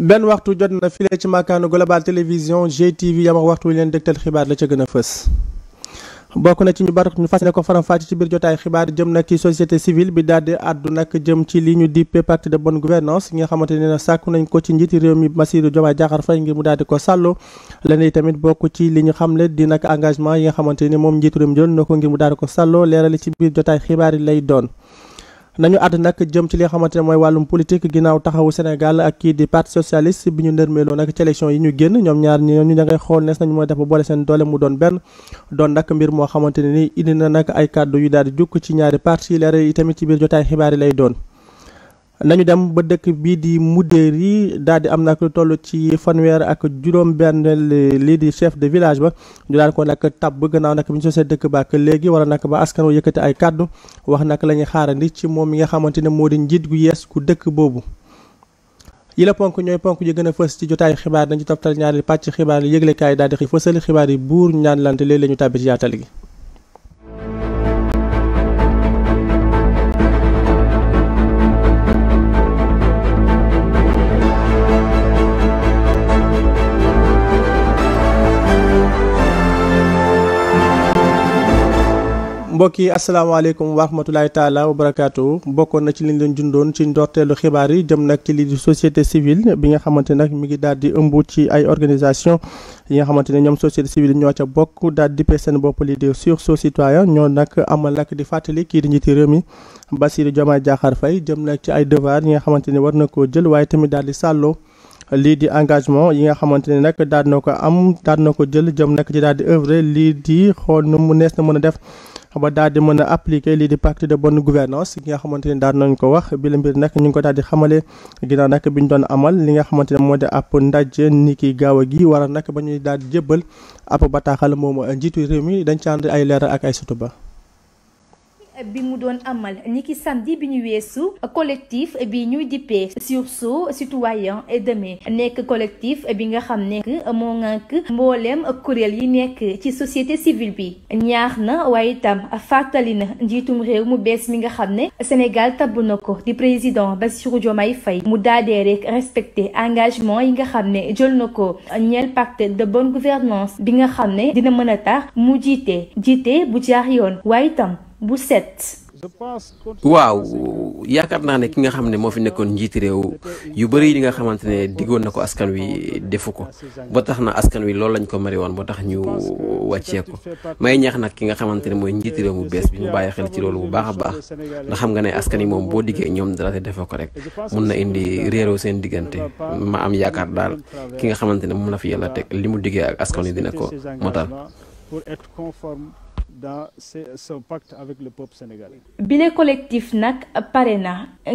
ben waxtu jot na file ci makkaanu global télévision GTV yam ak waxtu len leen xibaar la ci gëna fess bokku na ci ñu bari ñu fas ko faram faati ci bir jotay xibaar jëm na ci société civile bi daal di addu nak jëm ci li ñu dippe pacte de bonne gouvernance nga xamanteni na sakku nañ ko ci njiiti réew mi Bassirou Diomaye Diakhar fay ngir mu daal di ko sàllu leneen tamit bokku ci li ñu xamle di nak engagement yi nga xamanteni mom moom njiitu réew mi jël na ngir mu daal di ko sàlloo leerali ci bir jotay xibaar lay doon. nañu àdd nag jëm ci lii nga ne mooy wàllum politique ginnaaw taxawu Sénégal ak kii di parti socialiste bi ñu ndërmeeloo nag ci élection yi ñu génn ñoom ñaar ñooñu da ngay xool nees nañu mooy dafa boole seen doole mu doon benn doon nag mbir moo xamante ne ni indi na nag ay kàddu yu daal di jukk ci ñaari parti leer yi tamit ci biir jotaay xibaar yi lay doon nañu dem ba dëkk bii di Mudéeri yi di am nag lu toll ci fanweer ak juróom-benn lii di chef de village ba ñu daan ko nag tabb gannaaw nag bi ñu sosee dëkk ba ak léegi wala nag ba askan wu yëkkati ay kàddu wax nag la ñuy xaarandi ci moom mi nga xamante ne moo di njiit gu yees ku dëkk boobu. yi la ponk ñooy ponk yi gën a fës ci jotaayu xibaar dañu toftal ñaari pàcc xibaar yëglekaay daal di xëy fësal xibaar yi buur ñaan lante léeg la ñu tàbbi ci gi. bokk yi asalaamaaleykum wa rahmatulahi taala wa barakaatu bokkoon na ci liñ leen jundoon ci ndorteelu xibaar yi jëm nag ci lii di société civile bi nga xamante nag mi ngi daal di ëmb ci ay organisation yi nga xamante ne ñoom société civile ñoo ca bokk daal di pe seen bopp lii di sursaut citoyen ñoo nag amal nag di fàttali kii di njiiti réew mi Bassirou Diomaye Diakhar Faye jëm nag ci ay devoir yi nga xamante ne war na koo jël waaye tamit daal di sàlloo lii di engagement yi nga xamante ne nag daal na ko am daal na ko jël jëm nag ci daal di lii di xool nu mu nees na mën a def ba daal di mën a appliquer lii di pacte de bonne gouvernance gi nga xamante ne daal nañ ko wax bi la mbir nag ñu ngi ko daal di xamale ginnaaw nag bi ñu doon amal li nga xamante ne moo di ab ndaje ni ki gaaw gi waral nag ba ñuy daal di jébbal ab bataaxal moomu njiitu réew mi dañ ci ànd ay leeral ak ay ba bi mu doon amal niki samedi bi ñu wéssu collectif bi ñuy sur sursaut citoyen et demain nek collectif bi nga xam ne nek ŋànk mbooleem kuréel yi nek ci société civile bi ñaax na waaye itam fàttali na njiitum réew mu bees mi nga xam Sénégal tabb di président Bassirou Diomaye Faye mu daadee rek respecté engagement yi nga xam jël pacte de bonne gouvernance bi nga xam dina mëna tax mu jité jité bu jaar yoon tam bu set. waaw yaakaar naa ne ki nga xam ne moo fi nekkoon njiiti réew yu bëri yi nga xamante ne diggoon na ko askan wi defu ko ba tax na askan wi loolu lañ ko mari woon ba tax ñu wàccee ko may ñaax nag ki nga xamante ne mooy njiiti réew mu bees bi mu bàyyi xel ci loolu bu baax a baax xam nga ne askan yi moom boo diggee ñoom dara te defoo ko rek mun na indi réeroo seen diggante ma am yaakaar daal ki nga xamante ne moom la fi yàlla teg li mu diggee ak askan wi dina ko motal. pour être dans ce pacte avec le peuple sénégalais. Bine collectif nak pare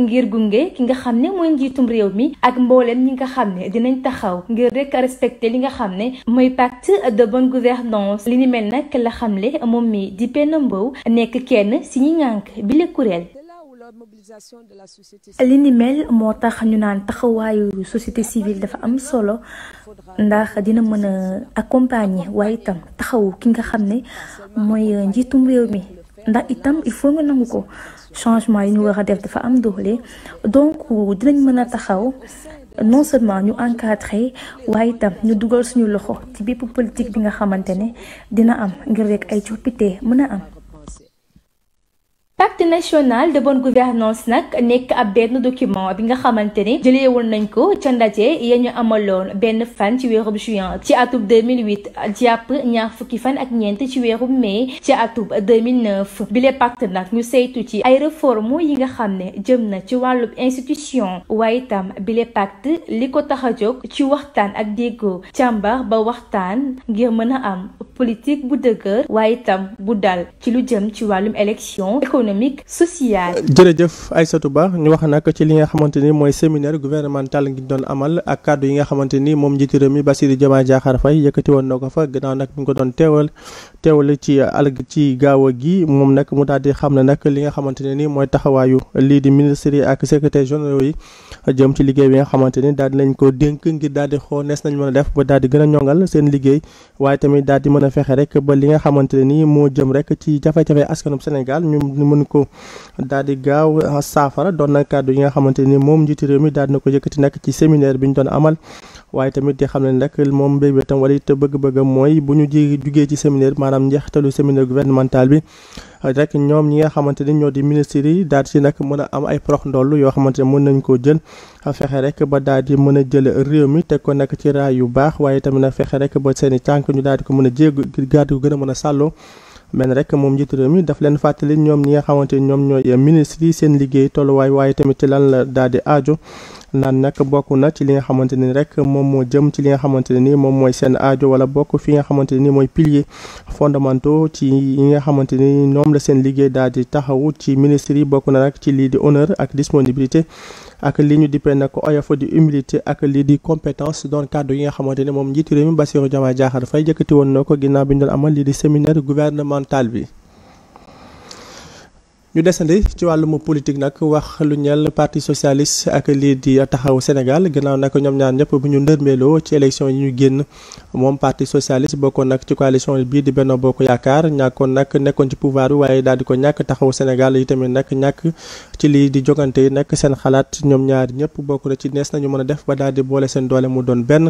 ngir gungé ki nga xamné moy njitum njiitum réew mi ak mboolem ñi nga xamné dinañ taxaw ngir rek respecter li nga xamné moy pacte de bonne gouvernance li ni mel nak la xamlé mom mi di Penda Mbow nekk kenn si ñi ŋànk bile kuréel li ni mel moo tax société civile dafa am solo ndax dina mën a accompagner waaye itam taxawu ki nga xam ne mooy njiitum ndax itam il faut nga nangu changement yi ñu war a def dafa am doole donc dinañ mën a taxaw non seulement ñu encadrer waaye itam ñu dugal suñu loxo ci bépp politique bi nga xamante ne dina am ngir rek ay coppite mën am pacte national de bonne gouvernance nak nek ab ben document bi nga xamante ne jëlee nañ ko ci ndaje ya amalon ben fan ci weerub juin ci atub 2008 diap ñaar fukki fan ak ñent ci weerub mai ci atub 2009 bi bile pacte nak ñu saytu ci ay réforme yi nga xam jëm na ci wàllub institution tam bi bile pacte li ko tax ci waxtaan ak déggoo càmbar ba waxtaan ngir mëna am politique bu dëgër waaye tam bu dal ci lu jëm ci wàllum élection économique sociale. jërëjëf Aïssatou Ba ñu wax nag ci li nga xamante ni mooy séminaire gouvernemental ngi doon amal ak kàddu yi nga xamante ni moom njiitu réew mi Bassirou Diomaye Diakhar Faye yëkkati woon na ko fa gannaaw nag mi ngi ko doon teewal teewal ci alg ci gaaw a gi moom nag mu daal di xam ne nag li nga xamante ne ni mooy taxawaayu lii di ministre yi ak secrétaire généraux yi jëm ci liggéey bi nga xamante ni daal di nañ ko dénk ngir daal di xool nees nañ mën a def ba daal di gën a ñongal seen liggéey waaye tamit daal di mën a fexe rek ba li nga xamante ne ni moo jëm rek ci jafe-jafe askanum Sénégal mën ko daal di gaaw saafara doon na kàddu yi nga xamante ni moom njiitu réew mi daal na ko yëkkati nag ci séminaire bi ñu doon amal waaye tamit di xam ne nag moom mbébétam wala it bëgg-bëggam mooy bu ñu ji jugee ci séminaire maanaam njeextalu séminaire gouvernemental bi rek ñoom ñi nga xamante ni ñoo di ministre yi daal si nag mën a am ay prox ndoll yoo xamante ne mën nañ koo jël fexe rek ba daal di mën a jël réew mi teg ko nag ci raay yu baax waaye tamit nag fexe rek ba seen cànk ñu daal di ko mën a jéeg gàddu gën a mën a sàlloo mel rek moom njiitu réew mi daf leen fàttali ñoom ñi nga xamante ñoom ñooy ministre yi seen liggéey tolluwaay waaye tamit lan la daal di aajo naan nag bokk na ci li nga xamante ni rek moom moo jëm ci li nga xamante ne ni moom mooy seen aajo wala bokk fi nga xamante ne ni mooy pilier fondamentaux ci yi nga xamante ni ñoom la seen liggéey daal di taxawu ci ministre yi bokk na nag ci lii di honneur ak disponibilité ak lii ñu dippee nag oyofa di humilité ak lii di compétence doon kàddu yi nga xamante ne moom njiitu réew mi Bassirou Diomaye Diakhar Faye yëkkati woon na ko ginnaaw bi ñu doon amal lii di séminaire gouvernemental bi ñu desandi ci walum politique nak wax lu ñel parti socialiste ak li di taxaw sénégal gënaaw nak ñom ñaan ñëpp bu ñu ndërmeeloo ci élection yi ñu génn mom parti socialiste bokkoon nak ci coalition bi di benno bokk yakar ñàkkoon nak nekkon ci pouvoir waye dal di ko ñak taxaw sénégal yi tamit nak ñak ci li di jogante nak sen xalaat ñom ñaar ñëpp bokku na ci nees nañu mën a def ba dal di bolé sen doole mu doon ben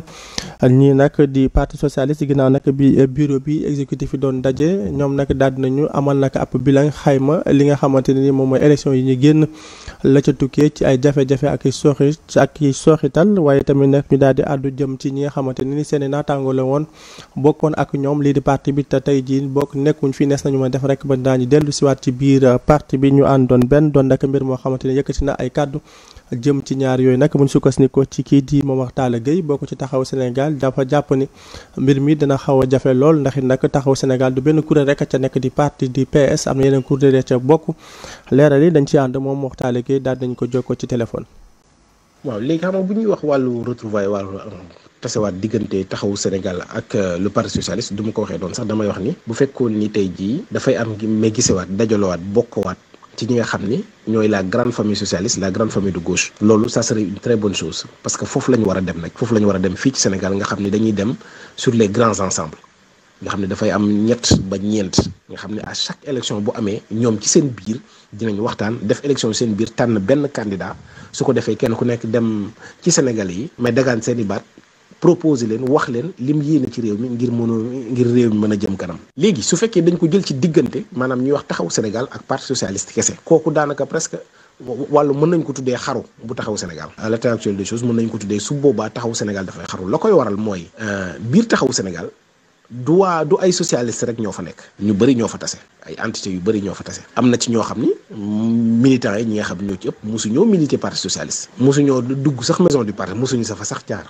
ñi nak di parti socialiste gënaaw nak bi bureau bi exécutif yi doon daje ñom nak dal nañu amal nak ab bilan xayma li nga xam xamante ne ni moom mooy élection yi ñu génn la ca tukkee ci ay jafe-jafe ak i sooxi ak i sooxital waaye tamit nag ñu daal di àddu jëm ci ñi nga xamante ne ni seen i naataango la woon bokkoon ak ñoom lii di parti bi tey jii bokk nekkuñ fi nees nañu ma def rek ba daañu dellu siwaat ci biir uh, parti bi ñu àndoon benn doon nag mbir moo xamante ne yëkkati na ay kàddu jëm ci ñaar yooyu nag buñ sukkandikoo ci kii di Momar Talla Gueye bokk ci taxaw Sénégal dafa jàpp ni mbir mi dana xaw a jafe lool ndax it nag taxaw Sénégal du benn kuréel rek ca nekk di parti di PS am na yeneen kuréel ca bokk leeral dañ ci ànd moom Momar Talla Gueye daal dañ ko jokkoo ci téléphone. waaw léegi xam nga bu ñuy wax wàllu retrouvaille wàllu euh, tasewaat diggante taxawu Sénégal ak euh, lu parti socialiste du ma ko waxee doon sax damay wax ni bu fekkoon ni tey jii dafay am mais gisewaat dajalowaat bokkowaat ci ñi nga xam ni ñooy la grande famille socialiste la grande famille de gauche loolu ça serait une très bonne chose parce que foofu la ñu war a dem nag foofu la ñu war a dem fii ci Sénégal nga xam ni dañuy dem sur les grands ensembles nga xam ne dafay am ñett ba ñeent nga xam ne à chaque élection bu amee ñoom ci seen biir dinañ waxtaan def élection seen biir tànn benn candidat su ko defee kenn ku nekk dem ci Sénégal yi mais dagaan seen i baat proposer leen wax leen lim yéene ci réew mi ngir mën a ngir réew mi mën a jëm kanam léegi su fekkee dañ ko jël ci diggante maanaam ñuy wax taxaw Sénégal ak parti socialiste kese kooku daanaka presque wàllu mën nañ ko tuddee xaru bu taxaw Sénégal à l'état actuel des choses mën nañ ko tuddee su boobaa taxaw Sénégal dafay xaru la koy waral mooy euh, biir taxaw Sénégal du waa du ay socialiste rek ñoo fa nekk ñu bëri ñoo fa tase ay entité yu bari ñoo fa tase am na ci ñoo xam ni militants yi ñi xam ñoo ci ëpp mosuñoo militer parti socialiste mosuñoo dugg sax maison du parti mosuñu sa fa sax jaar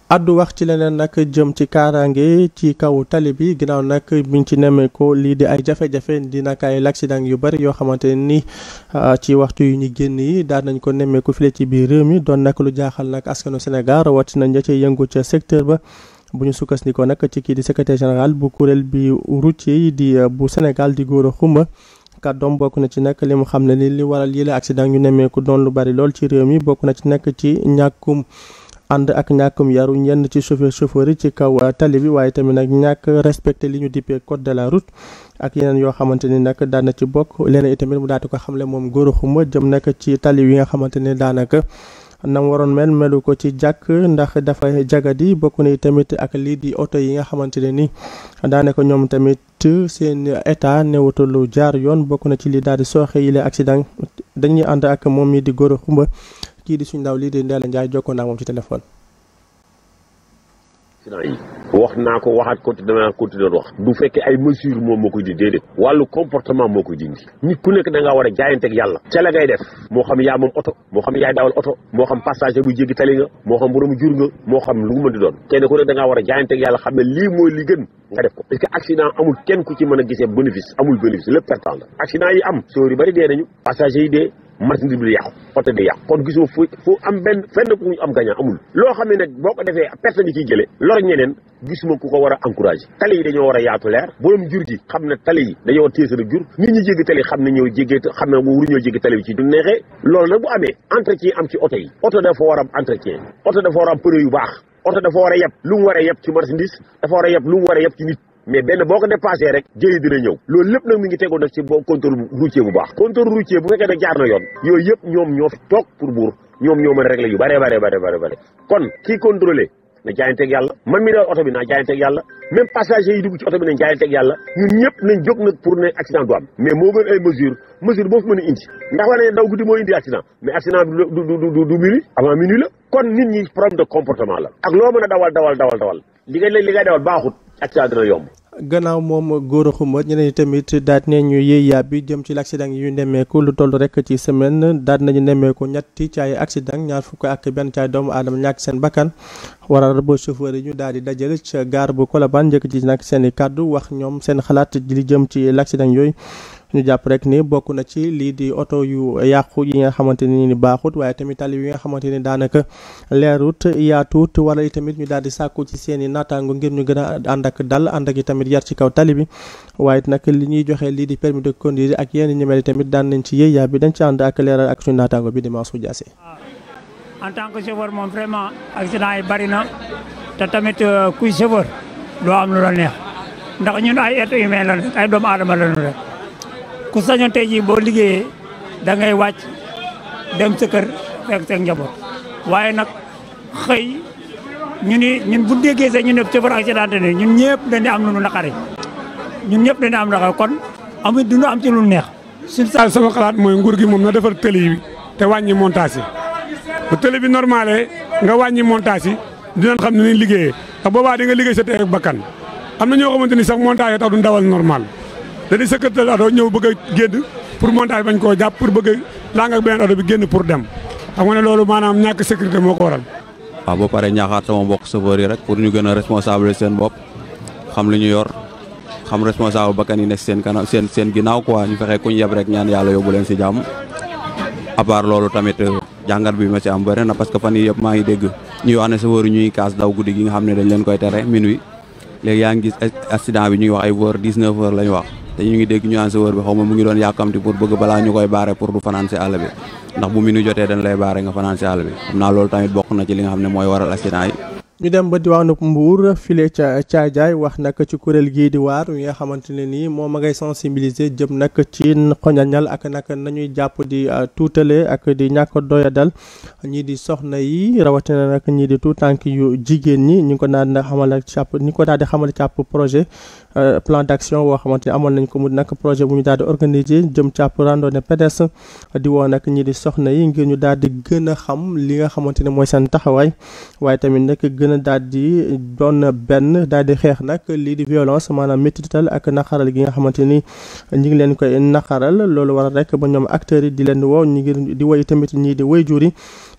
addu wax ci leneen nag jëm ci kaaraange ci kaw tali bi ginnaaw nag mi ngi ci nemmeekoo lii di ay jafe-jafe di nag ay yu bëri yoo xamante ni ci waxtu yu ñu génn yi daan nañ ko nemmeeku file ci biir réew mi doon nag lu jaaxal nag askanu Sénégal nañ ña ca yëngu ca secteur ba bu ñu sukkandikoo nag ci kii di secretaire général bu kuréel bi routier yi di bu Sénégal di góora a xumba kàddoom bokk na ci nag li xam ne li li waral yële accident ñu nemmeeku doon lu bari lool ci réew mi bokk na ci nag ci ñàkkum. ànd ak ñàkkum yaru ñenn ci chauffeur chauffeur yi ci kaw uh, tali bi waaye tamit nag ñàkk respecté li ñu dippee code de la route ak yeneen yoo xamante ni nag daan na ci bokk leneen itamit mu daati ko xamle moom Gora Khouma jëm nag ci tali yi nga xamante ni daanaka nam waroon mel melu ko ci jàkk ndax dafa jagadi bokku na tamit ak lii di oto yi nga xamante ne ni daanaka ñoom tamit seen état newatalu jaar yoon bokk na ci lii daal di sooxe yi la accident dañuy ànd ak moom mii di goro xumba kii di suñu ndaw lii di Ndella Ndiaye jokkoo naa moom ci téléphone. wax naa ko waxaat ko te danaa continuer wax du fekkee ay mesures moo koy di déedéet wàllu comportement moo koy dindi nit ku nekk da ngaa war a jaayanteeg yàlla ca la ngay def moo xam yaa moom oto moo xam yaay dawal oto moo xam passager bu jéggi tali nga moo xam borom jur nga moo xam lu mu mën di doon kenn ku nekk da ngaa war a jaayanteeg yàlla xam ne lii mooy li gën nga def ko parce que accident amul kenn ku ci mën a gisee bénéfice amul bénéfice lépp perte la marchandise bi du yàqu oto di yàqu kon gisoo fu am benn fenn ku ñu am gagnant amul loo xam ne nag boo ko defee personne bi ciy jëlee lor ñeneen gisuma ku ko war a encouragé tali yi dañoo war a yaatu leer borom jur gi xam ne tali yi dañoo téye seen jur nit ñi jéggi tali xam ne ñoo jéggee xam ne wuru ñoo jéggi tali bi ci neexee loolu nag bu amee entretien am ci oto yi oto dafa war am entretien oto dafa war am pneu yu baax oto dafa war a yeb lu mu war a yeb ci marchandise dafa war a yeb mais benn boo ko dépassé rek jëye dina ñëw loolu lépp nag mi ngi tegoon nag ci boo contrôle routier bu baax contrôle routier bu fekkee nag jaar na yoon yooyu yëpp ñoom ñoo fi toog pour buur ñoom ñoo mën a régler bare bare bare kon kii contrôlé na jaayanteeg yàlla man mi dawal oto bi naa jaayanteeg yàlla même passager yi dugg ci oto bi nañ jaayanteeg yàlla ñun ñëpp nañ jóg nag pour ne accident du am mais moo gën ay mesure mesure boo fi mën a indi ndax daw guddi moo indi accident mais accident ak dina yomb. gannaaw moom Gora Khouma ñeneen tamit daal nañu ñu yàbb bi jëm ci accident yu nemmeeku lu toll rek ci semaine daal nañu nemmeeku ñetti caay ay accident ñaar fukk ak benn ci doomu aadama ñàkk seen bakkan waral ba chauffeur yi ñu daal di dajale ca gaar bu Colobane njëkk ci nag seen i kàddu wax ñoom seen xalaat li jëm ci accident yooyu. ñu jàpp rek ni bokk na ci lii di oto yu yàqu yi nga xamante ni ni baaxut waaye tamit tali yi nga xamante ni daanaka leerut yaatuut wala itamit ñu daal sàkku ci seen i naataango ngir ñu gën a ànd ak dal ànd ak itamit yar ci kaw tali bi waaye nag li ñuy joxe lii di permis de conduire ak yenn ñi mel tamit daan nañ ci yéeyaa bi dañ ci ànd ak leeral ak suñu naataango bi di Mansour Diassé en tant que chauffeur moom vraiment accident yi bari na te tamit euh, kuy chauffeur doo am lu la la ku sañoon tey jii boo liggéeyee da ngay wacc dem ci kër fekk seen njabot waye nak xey ñu ni ñun bu déggé sé ñu ne bar accident ne ñun ñëpp dañu am lu nakari ñun ñëpp dañu am naqari kon amu du ñu am ci lu neex. suñu saa sama xalaat moy nguur gi mom na defar télé bi te wañi montage yi bu télé bi normalé nga wañi montage yi dinañ xam ni liggéey ak boba di nga liggéey ci té ak bakkan amna ñoo sax montage taw du ndawal normal dañu sekkatal auto ñew bëgg gëdd pour montage bañ ko japp pour bëgg a laa nga beneen oto bi génn pour dem xam nga lolu manam ñak sécurité moko waral. waaw ah, bo paré ñaxaat sama mbokk chauffeur yi rek pour ñu gëna responsable seen bop xam li ñu yor xam responsable bakkan yi nek seen kanam seen seen ginaaw quoi ñu fexe kuñ yeb rek ñaan yalla yobul leen ci jamm à part lolu tamit euh, jangat bi ma ci am bëri na parce que fan yi yeb ma ngi dégg ñuy wax né chauffeur yi ñuy kaas daw guddi gi nga xam ne dañ leen koy téré minuit légui ya ngi gis accident bi ñuy wax ay heures 19 h lañ wax ñu ngi dégg ñu naan chauffeur doon yàkkamti pour bëgg balaa ñu koy baare pour du fanaan si àll bi lay baare nga fanaan si àll bi xam naa loolu tamit bokk ne mooy waral accident yi dem ba diwaanu Mbour file ca Caajaay wax nag ci kuréel gii di waar yi nga xamante ne nii moom ma ngay sensibiliser jëm nag ci xoñañal ak nag nañuy jàpp di euh, tuutale ak di ñàkk doyadal ñii di soxna yi rawatina nag ñii di tànk yu jigéen ñi ñu ko daan xamal ak càpp ñu ko daal di xamal càpp projet Euh, plan d' action woo xamante ni amoon nañ ko mu nag projet bu ñu daal di organiser jëm càpp randonnée pédestre di woo nag ñii di soxna yi ngir ñu daal di gën a xam li nga xamante ne mooy seen taxawaay waaye tamit nag gën a daal di doon benn daal di xeex nag lii di violence maanaam métital ak naqaral gi nga xamante ni ñu ngi leen koy naqaral loolu waral rek ba ñoom acteurs yi di leen woo ñu ngir di woy tamit ñii di woy juri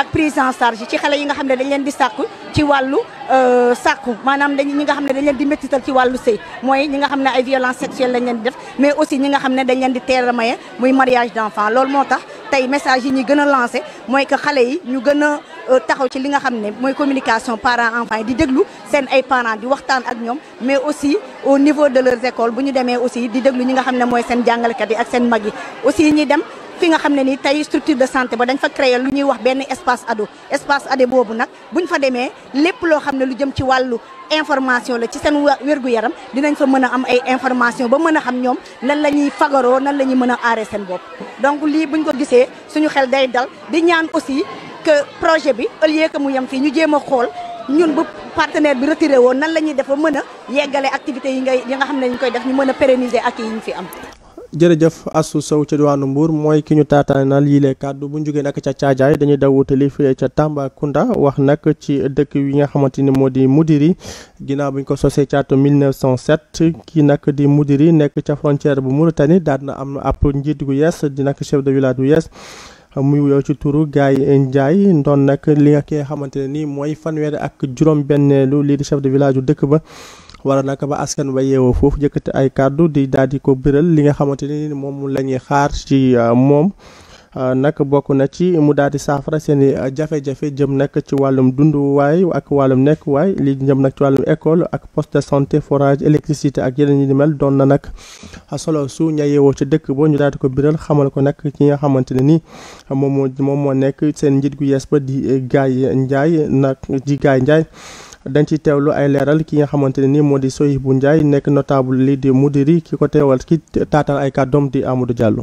ak prise en charge ci xalé yi nga xamné dañ leen di sakku ci walu euh sakku manam dañ ñi nga xamné dañ leen di méttital ci walu sey moy ñi nga xamné ay violence sexuelle lañ leen def mais aussi ñi nga xamné dañ leen di teel a maye muy mariage d'enfant lool motax tay message yi ñuy gën a lancé mooy que xalé yi ñu gëna euh, taxaw ci li nga xamné moy communication parents enfants di déglu seen ay parents di waxtaan ak ñom mais aussi au niveau de leurs écoles bu ñu demee aussi di déglu ñi nga xamné moy mooy seen jàngalekat yi ak seen mag aussi ñi dem fi nga xamné ni tay structure de santé ba dañ fa créer lu ñuy wax ben espace ado espace ado bobu nak buñ fa démé lépp lo xamné lu jëm ci walu information la ci sen wergu yaram dinañ fa mëna am ay information ba mëna xam ñom lan lañuy fagaro nan lañuy mëna arrêter sen bop donc li buñ ko gissé suñu xel day dal di ñaan aussi que projet bi au lieu que mu yam fi ñu jéma xol ñun bu partenaire bi retiré wo nan lañuy def ba mëna a activité yi yi nga xamné ñu koy def ñu mëna pérenniser ak yi ñu fi am jërëjëf assou Sow ca diwaanu mbur mooy ki ñu taataanal yile kàddu bu ñu jógee nag ca Caajaay dañuy daw wutali fii ca Tambacounda wax nag ci dëkk yi nga xamante ni moo di Mudiri ginnaaw bi ñu ko sosee ca atum 1907 ki nag di Mudiri nekk ca frontière bu Mauritanie daal na am ab njiit gu yees di nag chef de village bu yees. muy wuyoo ci turu gaay Ndiaye ndoon nag li nga ki xamante ne nii mooy fanweeri ak juróom-benneelu lii di chef de village dëkk ba. wala nag ba askan wa yeewoo foofu yëkkati ay kàddu di daal di ko biral li nga xamante ni moom la ñuy xaar ci euh, moom. Euh, nag bokk na ci mu daal di saafara seen i euh, jafe jëm nag ci wàllum dund waay ak wàllum nekk waay li jëm nag ci wàllum école ak poste de santé ak yeneen yi ni mel doon na nag solo su ña yeewoo ci dëkk ba ñu daal ko biral xamal ko nag ki nga xamante ne ni moom moo moom moo nekk seen njiit gu yees ba di gaay njaay nag di gaay njaay dañ ci teewlu ay leeral ki nga xamante ne ni moo di Sohibou Ndiaye nekk notable lii di Moudiri ki ko teewal ki taatal ay kàddoom di Amadou Diallo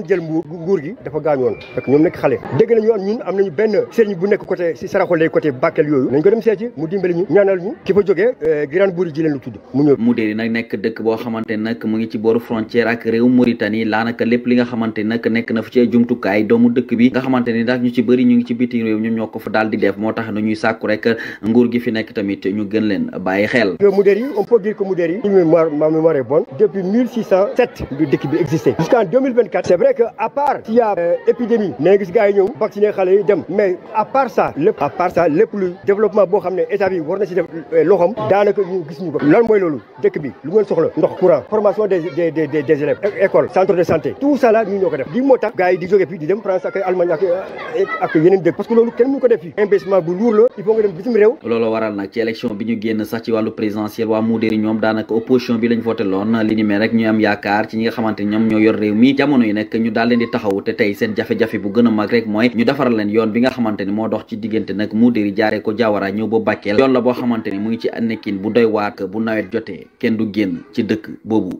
doon jël nguur nguur gi dafa gaañoon fekk ñoom nekk xalé dégg nañu ñun am nañu benn sëriñ bu nekk côté si saraxole côté bakkel yoyu nañ ko dem séti mu dimbali ñu ñaanal ñu ki fa jógee euh, giraan buuri ji leen lu tudd mu ñëw mu déeri nag nekk dëkk bo xamante nak mu ngi ci boru frontière ak réew Mauritanie la nak lepp li nga xamante nak nekk na fa ci jumtu kay doomu dëkk bi nga xamante ni ndax ñu ci bëri ñu ngi ci biti réew ñoom ñoko fa daal di def moo tax na ñuy sakku rek nguur gi fi nekk tamit ñu gën leen bayyi xel mu déri on peut dire que mu déri Moudéri ma mémoire est bonne depuis 1607 du dëkk bi existé jusqu'en 2024 c'est vrai c'est que à part s'il y a euh, épidémie mais gis gaay yi ñëw vacciner xale yi dem mais à part ça lépp à part ça lépp lu développement bo xamné état bi war na ci def euh, loxom daanaka ñu gis ñu ko lan moy loolu dëkk bi lu ngeen soxla ndox courant formation des des des des élèves école centre de santé tout ça là ñu ñoko def di moo gaay yi di jogé fii di dem France ak Allemagne ak euh, ak yeneen dëkk parce que loolu kenn mënu ko def fi investissement bu lourd la il faut nga dem bitim rew loolu waral nag ci élection bi ñu génn sax ci walu présidentiel wa Moudéri ñom danaka opposition bi lañ voté loon li ñu mel rek ñu am yaakaar ci ñi nga xamante ñom ñoo yor rew mi jamono yi nak ñu daal leen di taxawu te tey seen jafe-jafe bu gën a mag rek mooy ñu defaral leen yoon bi nga xamante ni moo dox ci diggante nag Moudiri jaare ko Diawara ñëw ba Bakel yoon la boo xamante ni mu ngi ci nekkin bu doy waak bu nawet jotee kenn du génn ci dëkk boobu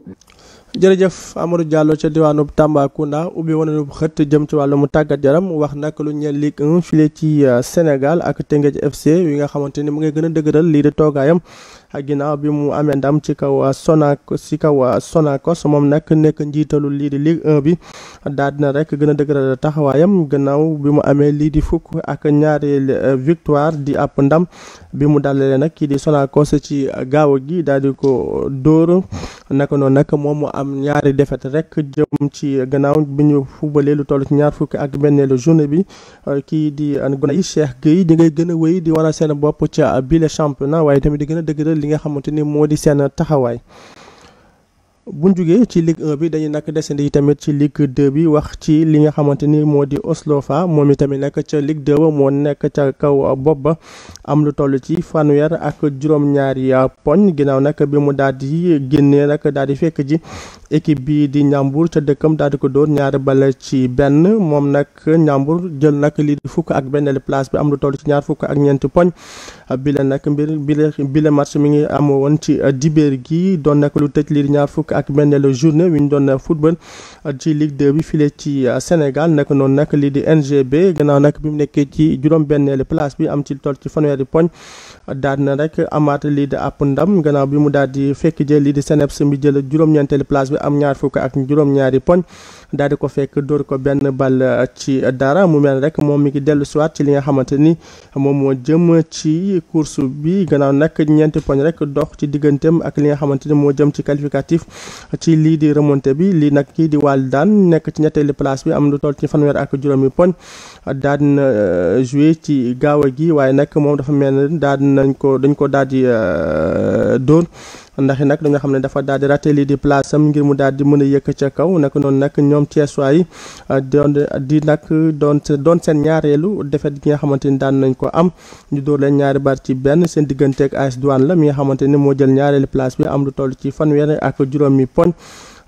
jërëjëf amaru Diallo ca diwaanub Tambacounda ubbi waneenub xët jëm ci wàllu mu tàggat yaram wax nag lu ñeel Ligue 1 file ci euh, Sénégal ak Teungueth FC yi nga xamante ni mu ngi gën a dëgëral lii di toogaayam ak ginnaaw bi mu amee ndam ci kaw euh, Sonac ci kaw euh, Sonacos moom nag nekk njiitalu lii di Ligue bi daal dina rek gën a dëgëral taxawaayam gannaaw bi mu amee lii di fukk ak ñaari victoire di ab ndam bi mu dalalee nag kii di Sonacos ci gaaw gi daal di ko dóor naka noonu nag moom mu am ñaari défaite rek jëm ci gannaaw bi ñu fubalee lu toll ci ñaar fukki ak benneelu journée bi euh, kii di gone yi Cheikh Gueye di ngay gën a wéy di waral seen bopp ca bile championnat waaye tamit di gën a dëgëral li nga xamante ni moo di seen taxawaay buñ jugee ci Ligue 1 bi dañuy nag yi tamit ci Ligue 2 bi wax ci li nga xamante ni moo di Oslofa moom itamit nag ca Ligue 2 moo nekk ca kaw bopp ba am lu toll ci fanweer ak juróom-ñaari poñ ginnaaw nag bi mu daal di génnee nag daal di fekk ji équipe bi di Ndiambour ca dëkkam daal di ko dóor ñaari bal ci benn moom nag Ndiambour jël nag lii di fukk ak benn place bi am lu toll ci ñaar fukk ak ñeenti poñ. bi la nag mbir bi la bi match mi ngi amoo woon ci uh, dibéer gi doon nag lu tëj liir ñaar fukk ak benn la journée wi ñu doon uh, football uh, ci Ligue 2 bi file ci Sénégal nag noonu nag lii di NGB gannaaw nag bi mu nekkee ci juróom-benneelu place bi am ci toll ci fanweeri poñ daal na rek amaat lii di àpp ndam gannaaw bi mu daal di fekk jël lii di Seneps mi jël juróom-ñeenteelu place bi am ñaar fukk ak juróom-ñaari poñ. daal di ko fekk dóor ko benn bal uh, ci dara mu mel rek moom mi ngi dellu siwaat ci li nga xamante ni moom moo jëm ci course bi gannaaw nag ñeenti poñ rek dox ci digganteem ak li nga xamante ni moo jëm ci qualificatif ci lii di remontée bi lii nag kii di wàll daan nekk ci ñetteeli place bi am na toll ci fanweer ak juróomi poñ daan uh, joué ci gaaw a gi waaye nag moom dafa mel ne daan nañ ko dañ ko daal di uh, dóor ndax nag dañoo xam ne dafa daal di raté lii di place am ngir mu daal di mën a yëkk ca kaw naka noonu nag ñoom Thiessois yi ah, doon di nag doon doon seen ñaareelu defet gi nga xamante ni daan nañ ko am ñu dóor leen ñaari baat ci benn seen digganteeg AS Douanes la mi nga xamante ni moo jël ñaareelu place bi am lu toll ci fanweer ak juróomi poñ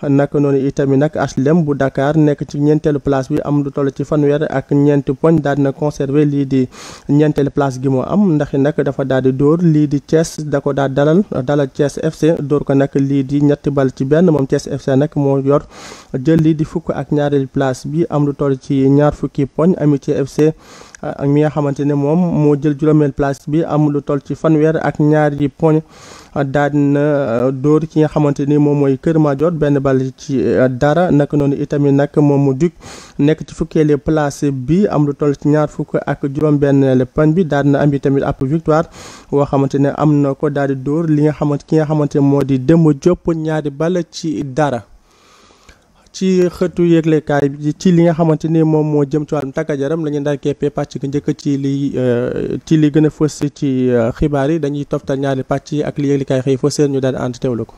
naka noonu itamit nag HLM bu Dakar nekk ci ñeenteelu place bi am lu toll ci fanweer ak ñeenti poñ daal dina conserver lii di ñeenteelu place gi moo am ndax nag dafa daal di dóor lii di cees da ko daal dalal dalal Thiès FC dóor ko nag lii di ñetti bal ci benn moom Thiès FC nag moo yor jël lii di fukk ak ñaareelu place bi am lu toll ci ñaar fukki poñ Amitié FC ak mi nga xamante ne moom moo jël juróomeel place bi am lu toll ci fanweer ak ñaari poñ daal na euh, dóor ki nga xamante ni moom mooy Kër Madior benn bal ci euh, dara naka noonu itamit nag moom mu jug nekk ci fukkeele place bi am lu toll ci ñaar fukk ak juróom-benneele poñ bi daal na am tamit ab victoire woo xamante ne am na ko daal dóor li nga xamante ki nga xamante moo di Demba Diop ñaari bal ci dara. ci xëtu yëglekaay bi ci li nga xamante ni moom moo jëm ci wàllum tàggat yaram la ñu pàcc gi njëkk ci li euh, ci li gën a fës ci euh, xibaar yi dañuy toftal ñaari pàcc yi ak li yëglekaay xëy fëseen ñu daal ànd la ko